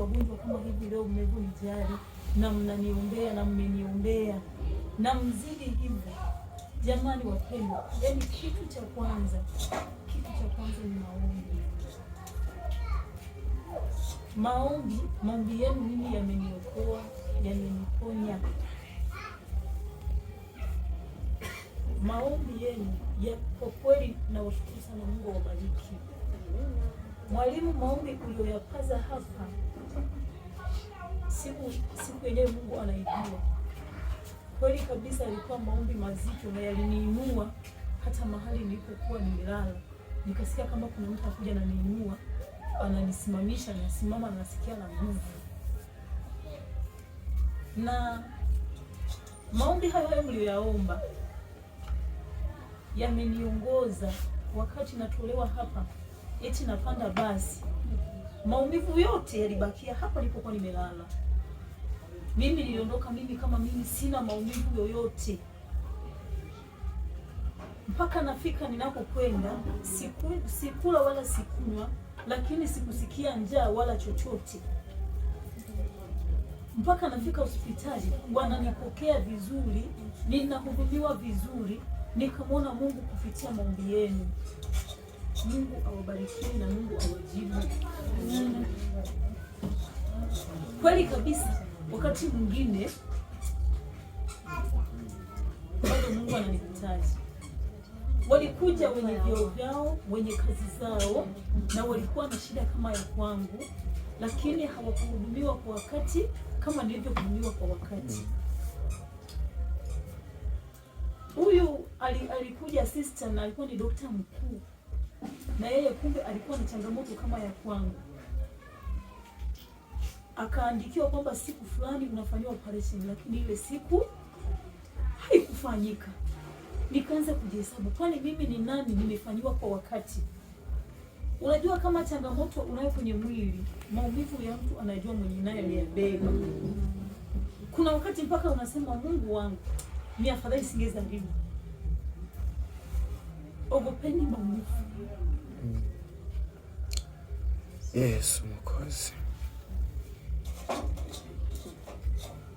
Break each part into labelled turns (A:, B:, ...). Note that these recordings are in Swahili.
A: wagonjwa kama hivi leo tayari, na mnaniombea na mmeniombea na mzidi hivyo. Jamani wapendwa, yani kitu cha kwanza, kitu cha kwanza ni maombi. Maombi, maombi yenu mimi yameniokoa, yameniponya. Maombi yenu ya kwa kweli, nawashukuru sana. Mungu awabariki. Mwalimu, maombi uliyoyapaza hapa siku siku yenyewe Mungu anaijua kweli kabisa. Alikuwa maombi mazito na yaliniinua hata mahali nilipokuwa nimelala, nikasikia kama kuna mtu anakuja ananiinua, ananisimamisha, nasimama, nasikia na nguvu. Na maombi hayo hayo mliyoyaomba yameniongoza wakati natolewa hapa, eti napanda basi maumivu yote yalibakia hapa nilipokuwa nimelala. Mimi niliondoka mimi kama mimi sina maumivu yoyote, mpaka nafika ninakokwenda, siku sikula wala sikunywa, lakini sikusikia njaa wala chochote. Mpaka nafika hospitali, wananipokea vizuri, ninahudumiwa vizuri, nikamwona Mungu kupitia maombi yenu. Mungu awabarikie na Mungu awajibu. Kweli kabisa, wakati mwingine bado Mungu ananihitaji. Walikuja wenye vyeo vyao, wenye kazi zao, na walikuwa na shida kama ya kwangu, lakini hawakuhudumiwa kwa wakati kama nilivyohudumiwa kwa wakati. Huyu alikuja na alikuwa ni daktari mkuu na yeye kumbe alikuwa na changamoto kama ya kwangu, akaandikiwa kwamba siku fulani unafanyiwa operation, lakini ile siku haikufanyika. Nikaanza kujihesabu, kwani mimi ni nani? Nimefanyiwa kwa wakati? Unajua, kama changamoto unayo kwenye mwili, maumivu ya mtu anajua mwenye naye aliyabeba. Kuna wakati mpaka unasema Mungu wangu, ni afadhali singezaliwa. Ogopeni maumivu.
B: Yesu Mwokozi,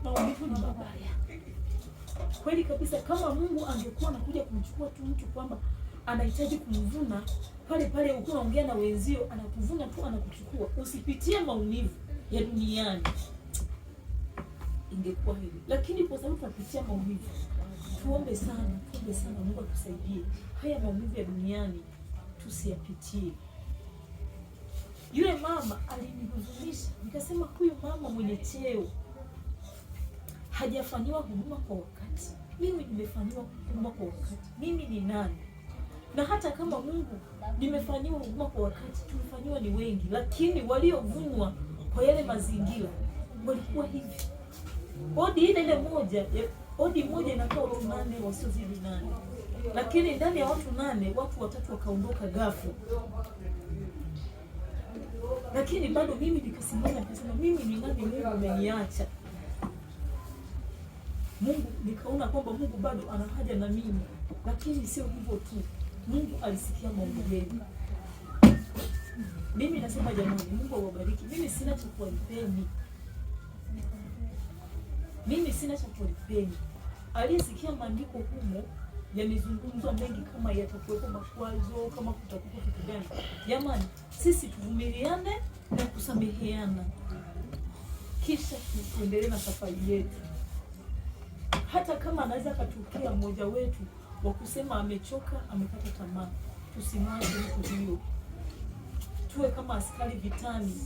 A: maumivu ni mabaya kweli kabisa. Kama Mungu angekuwa anakuja kumchukua tu mtu kwamba anahitaji kumvuna pale pale, ukiwa unaongea na wenzio, anakuvuna tu, anakuchukua, usipitie maumivu ya duniani, ingekuwa hivi. Lakini kwa sababu tunapitia maumivu, tuombe sana, tuombe sana Mungu atusaidie haya maumivu ya duniani tusiyapitie. Yule mama alinihuzunisha, nikasema huyu mama mwenye cheo hajafanyiwa huduma kwa wakati. Mimi nimefanyiwa huduma kwa wakati, mimi ni nani? Na hata kama Mungu nimefanyiwa huduma kwa wakati, tumefanyiwa ni wengi, lakini waliovunwa kwa yale mazingira walikuwa hivi. Odi ile ile moja, odi moja inatoa watu nane wasiozidi nane lakini ndani ya watu nane watu watatu wakaondoka ghafla, lakini bado mimi nikasimama nikasema, mimi ni nani? Mungu ameniacha Mungu, nikaona kwamba Mungu bado ana haja na mimi, lakini sio hivyo tu, Mungu alisikia maombi yetu. Mimi nasema jamani, Mungu awabariki. Mimi sina cha kuwalipeni, mimi sina cha kuwalipeni. Aliyesikia maandiko humo yamezungumzwa mengi, kama yatakuwepo makwazo, kama kutakuwa kitu gani. Jamani, sisi tuvumiliane na kusameheana, kisha tuendelee na safari yetu. Hata kama anaweza akatukia mmoja wetu wa kusema amechoka, amepata tamaa, tusimwache huko, hiyo tuwe kama askari vitani.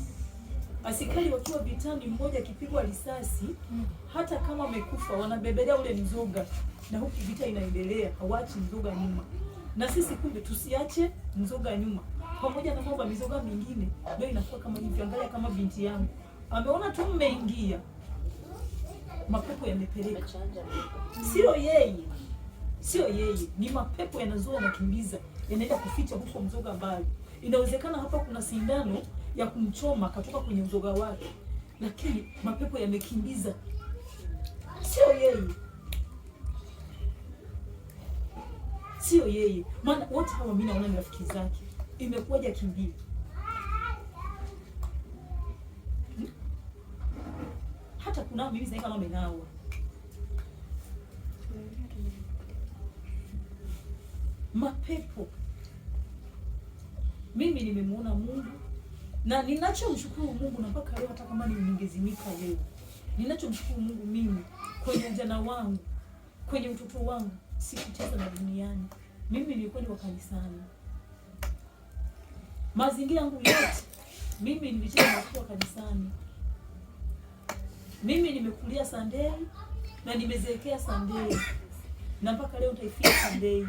A: Askari wakiwa vitani, mmoja akipigwa risasi, mm. hata kama amekufa wanabebelea ule mzoga, na huku vita inaendelea, hawachi mzoga nyuma. Na sisi kumbe tusiache mzoga nyuma, pamoja na kwamba mizoga mingine ndio inakuwa kama hivi. Angalia kama binti yangu ameona tu mmeingia, mapepo yamepeleka, sio yeye, sio yeye, ni mapepo yanazoa, yanakimbiza, yanaenda kuficha huko mzoga mbali. Inawezekana hapa kuna sindano ya kumchoma katoka kwenye mzoga wake, lakini mapepo yamekimbiza, sio yeye, sio yeye. Maana wote hawa mimi naona ni rafiki zake, imekuwaje kimbia? Hmm? hata kuna mimi zaika kama menawa mapepo. Mimi nimemuona Mungu na ninachomshukuru Mungu na mpaka leo, hata kama nimengezimika leo, ninachomshukuru Mungu mimi kwenye ujana wangu, kwenye utoto wangu sikucheza na duniani. Mimi nilikuwa ni wa kanisani, mazingira yangu yote mimi nilicheza na kanisani. Mimi nimekulia Sandei na nimezeekea Sandei na mpaka leo nitaifia Sandei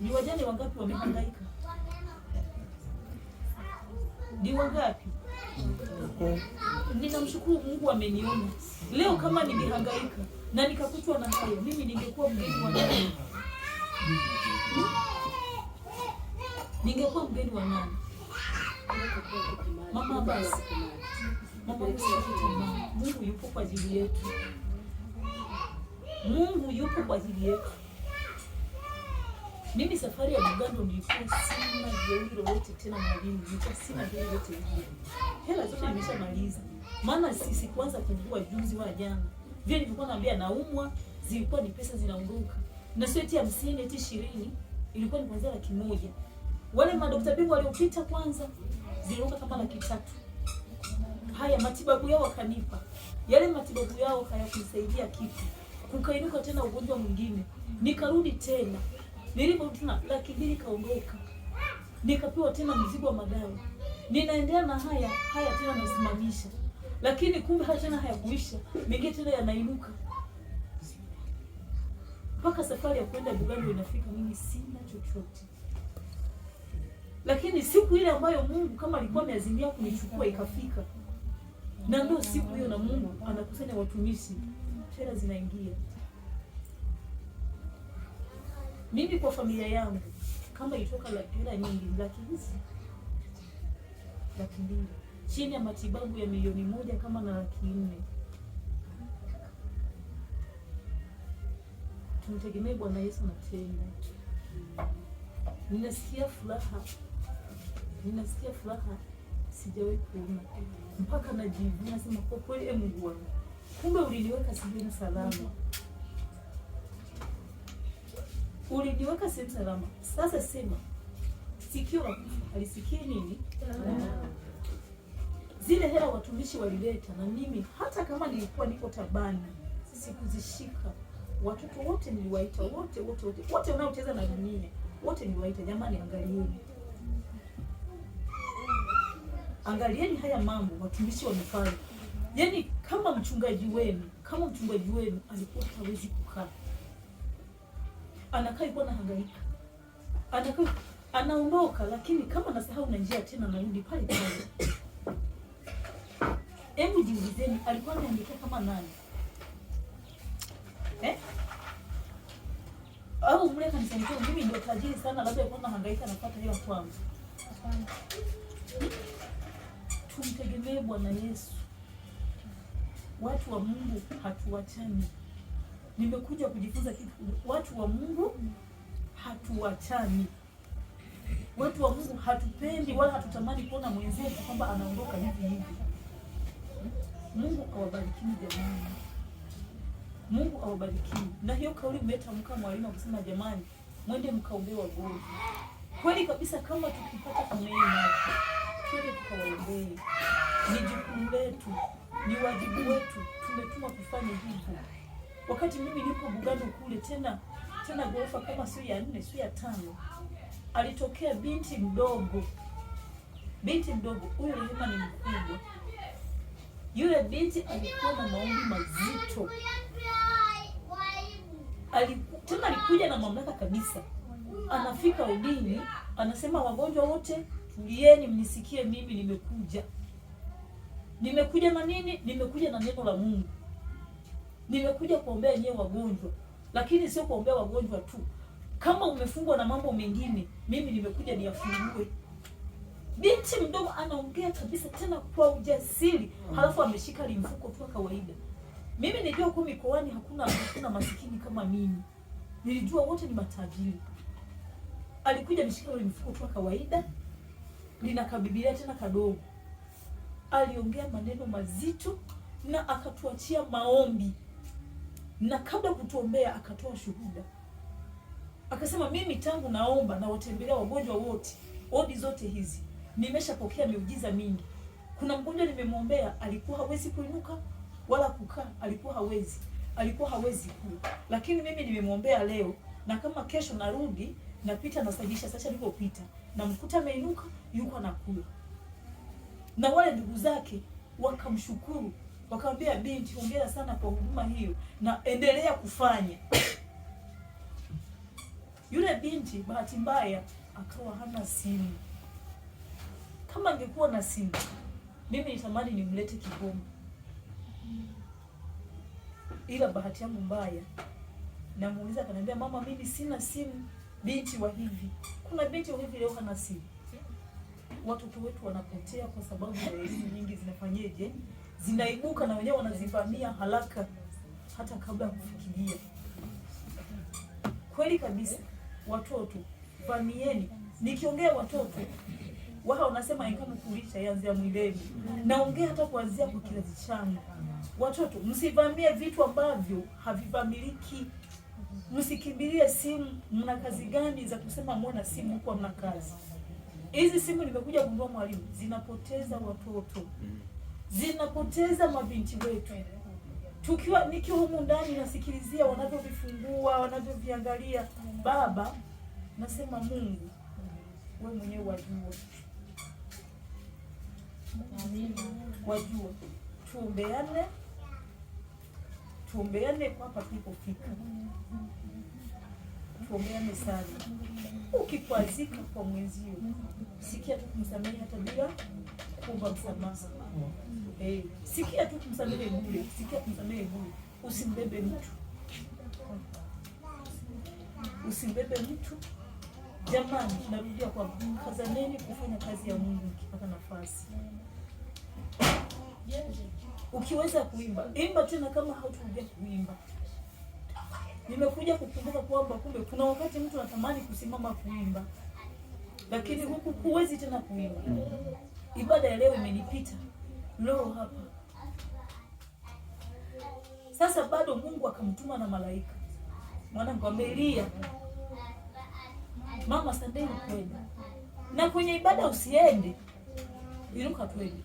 A: ni wajane wangapi wamehangaika? Ni wangapi? Ninamshukuru Mungu ameniona leo. Kama nilihangaika na nikakutwa na hayo, mimi ningekuwa mgeni wa nani? Ningekuwa mgeni wa nani? Mama, basi mama, Mungu yupo kwa ajili yetu. Mungu yupo kwa ajili yetu. Mimi safari ya Bugando nilikuwa sina jeuri lolote tena mwalimu, nilikuwa sina jeuri lolote hili. Hela zote nimeshamaliza. Maana sisi kwanza kujua juzi wa jana. Vile nilikuwa naambia naumwa, zilikuwa ni pesa zinaondoka. Na sio eti 50 eti 20, ilikuwa ni kwanza laki moja. Wale madaktari bingwa waliopita kwanza ziliondoka kama laki tatu. Haya matibabu yao wakanipa. Yale matibabu yao hayakunisaidia kitu. Kukainuka tena ugonjwa mwingine. Nikarudi tena Nilipotuna laki mbili kaondoka, nikapewa tena mzigo wa madai, ninaendelea na haya haya tena nasimamisha, lakini kumbe haya tena hayakuisha, mengine tena yanainuka mpaka safari ya kwenda Bugando inafika, mimi sina chochote. Lakini siku ile ambayo Mungu kama alikuwa ameazimia kunichukua ikafika, na ndio siku hiyo, na Mungu anakusanya watumishi, fedha zinaingia. Mimi kwa familia yangu kama itoka laki hela nyingi laki hizi laki mbili chini ya matibabu ya milioni moja kama na laki nne tumtegemee Bwana Yesu na tena ninasikia furaha, ninasikia furaha sijawahi kuona mpaka najivu nasema kwa kweli, Mungu wangu, kumbe uliniweka sijui salama ulijiweka sehemu salama. Sasa sema sikio la kufa halisikii nini? Zile hela watumishi walileta, na mimi hata kama nilikuwa niko tabani sikuzishika. Watoto wote niliwaita, wote wote wote wote wanaocheza na dunia wote niliwaita, jamani, angalieni, angalieni haya mambo watumishi wamefanya. Yaani kama mchungaji wenu, kama mchungaji wenu alikuwa hawezi kukaa anakaa yuko anahangaika, anakaa anaondoka, lakini kama nasahau na njia tena anarudi pale pale. Hebu jiulizeni, alikuwa anaandikia kama nani eh? Au mle kanisani mimi ndio tajiri sana, labda alikuwa anahangaika anapata hiyo kwangu. Hmm? tumtegemee Bwana Yesu. Watu wa Mungu hatuwachani nimekuja kujifunza kitu. Watu wa Mungu hatuwachani, watu wa Mungu hatupendi wala hatutamani kuona mwenzetu kwamba anaondoka hivi hivi. Mungu awabarikini jamani, Mungu awabarikini. Na hiyo kauli mmetamka mwalimu akisema, jamani, mwende wa wagonjwa. Kweli kabisa, kama tukipata neema kile tukawaombee. Ni jukumu letu, ni wajibu wetu, tumetumwa kufanya hivyo wakati mimi nipo Bugando kule, tena tena ghorofa kama sio ya nne, sio ya tano, alitokea binti mdogo, binti mdogo, huyo. lazima ni mkubwa. Yule binti alikuwa na maombi mazito, tena alikuja na mamlaka kabisa. Anafika udini, anasema wagonjwa wote tulieni, mnisikie mimi, nimekuja nimekuja na nini? Nimekuja na neno la Mungu. Nimekuja kuombea nyewe wagonjwa, lakini sio kuombea wagonjwa tu. Kama umefungwa na mambo mengine, mimi nimekuja niyafungue. Binti mdogo anaongea kabisa tena kwa ujasiri, halafu ameshika limfuko tu kawaida. Mimi nijua huko mikoani hakuna hakuna masikini kama mimi, nilijua wote ni matajiri. Alikuja ameshika limfuko tu kawaida, linakabibilia tena kadogo. Aliongea maneno mazito na akatuachia maombi na kabla kutuombea akatoa shuhuda, akasema, mimi tangu naomba na watembelea wagonjwa wote, odi zote hizi, nimeshapokea miujiza mingi. Kuna mgonjwa nimemwombea, alikuwa hawezi kuinuka wala kukaa, alikuwa hawezi, alikuwa hawezi kula, lakini mimi nimemwombea leo, na kama kesho narudi napita nasahisha, sasa nilipopita namkuta ameinuka, yuko anakula. Na wale ndugu zake wakamshukuru wakamwambia binti, hongera sana kwa huduma hiyo na endelea kufanya. Yule binti bahati mbaya akawa hana simu. Kama angekuwa na simu, mimi nitamani nimlete Kigoma, ila bahati yangu mbaya, namuuliza akaniambia, mama, mimi sina simu. Binti wa hivi, kuna binti wa hivi leo hana simu. Watoto wetu wanapotea kwa sababu ya elimu nyingi zinafanyeje zinaibuka na wenyewe wanazivamia haraka hata kabla ya kufikiria. Kweli kabisa, watoto vamieni. Nikiongea watoto wao wanasema ikama kulisha yanzia mwileni, naongea hata kuanzia kwa kizazi changu. Watoto msivamie vitu ambavyo havivamiliki. Msikimbilie simu. Mna kazi gani za kusema muona simu huko? Mna kazi hizi simu, nimekuja kugundua mwalimu, zinapoteza watoto zinapoteza mabinti wetu. Tukiwa nikiwa humu ndani nasikilizia wanavyovifungua wanavyoviangalia, Baba nasema Mungu wewe mwenyewe wajua, wajua, tuombeane tuombeane kwa hapa tulipofika, tuombeane sana. Ukikwazika kwa mwenzio, sikia tu kumsamehe hata bila kuomba msamaha wako eh, sikia tu kumsamehe bure, sikia kumsamehe bure, usimbebe mtu, usimbebe mtu. Jamani, narudia kwa kazaneni kufanya kazi ya Mungu ukipata nafasi ukiweza kuimba imba tena, kama hautukuja kuimba. Nimekuja kukumbuka kwamba kumbe kuna wakati mtu anatamani kusimama kuimba, lakini huku huwezi tena kuimba. Ibada ya leo imenipita. Roho hapa. Sasa bado Mungu akamtuma na malaika. Mwanangu amelia. Mama Sunday kwenda. Na kwenye ibada usiende. Iruka kweli.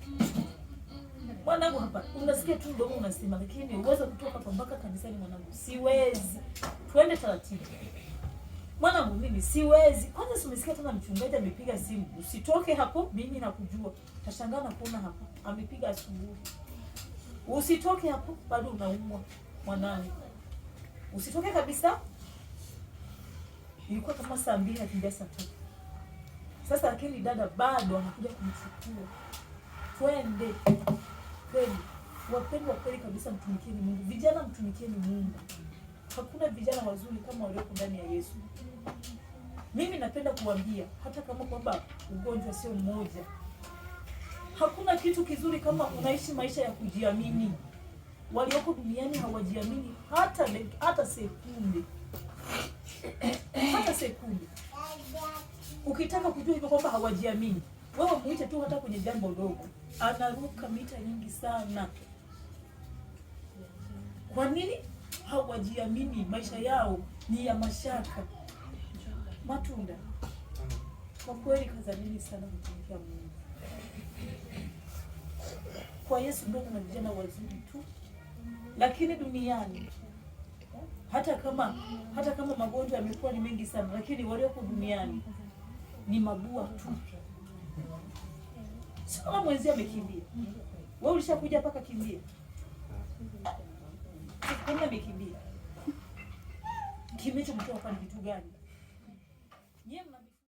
A: Mwanangu hapa, unasikia tu mdomo unasema, lakini uweze kutoka hapa mpaka kanisani mwanangu. Siwezi. Twende taratibu mwanangu, mimi siwezi. Kwanza simesikia tena mchungaji amepiga simu, usitoke hapo, mimi nakujua. Tashangaa na kuona hapo amepiga asubuhi, usitoke hapo, bado unaumwa mwanangu, usitoke kabisa. Ilikuwa kama saa mbili nakimbia saa tatu sasa, lakini dada bado anakuja kumchukua. Twende kweli, wapendwa kweli kabisa, mtumikieni Mungu vijana, mtumikieni Mungu hakuna vijana wazuri kama walioko ndani ya Yesu. Mimi napenda kuambia hata kama kwamba ugonjwa sio mmoja, hakuna kitu kizuri kama unaishi maisha ya kujiamini. Walioko duniani hawajiamini hata hata sekunde, hata sekunde. Ukitaka kujua hivyo kwamba hawajiamini, wewe muite tu hata kwenye jambo dogo, anaruka mita nyingi sana. Kwa nini? hawajiamini, maisha yao ni ya mashaka. Matunda kwa kweli kazamini sana kutumikia Mungu kwa Yesu ndio kuna vijana wazuri tu, lakini duniani hata kama hata kama magonjwa yamekuwa ni mengi sana, lakini walioko duniani ni mabua tu. Sio kama amekimbia, wewe ulishakuja mpaka kimbia. Kama yaani bikibi. Kimechomtoa kwa kitu gani? Yeye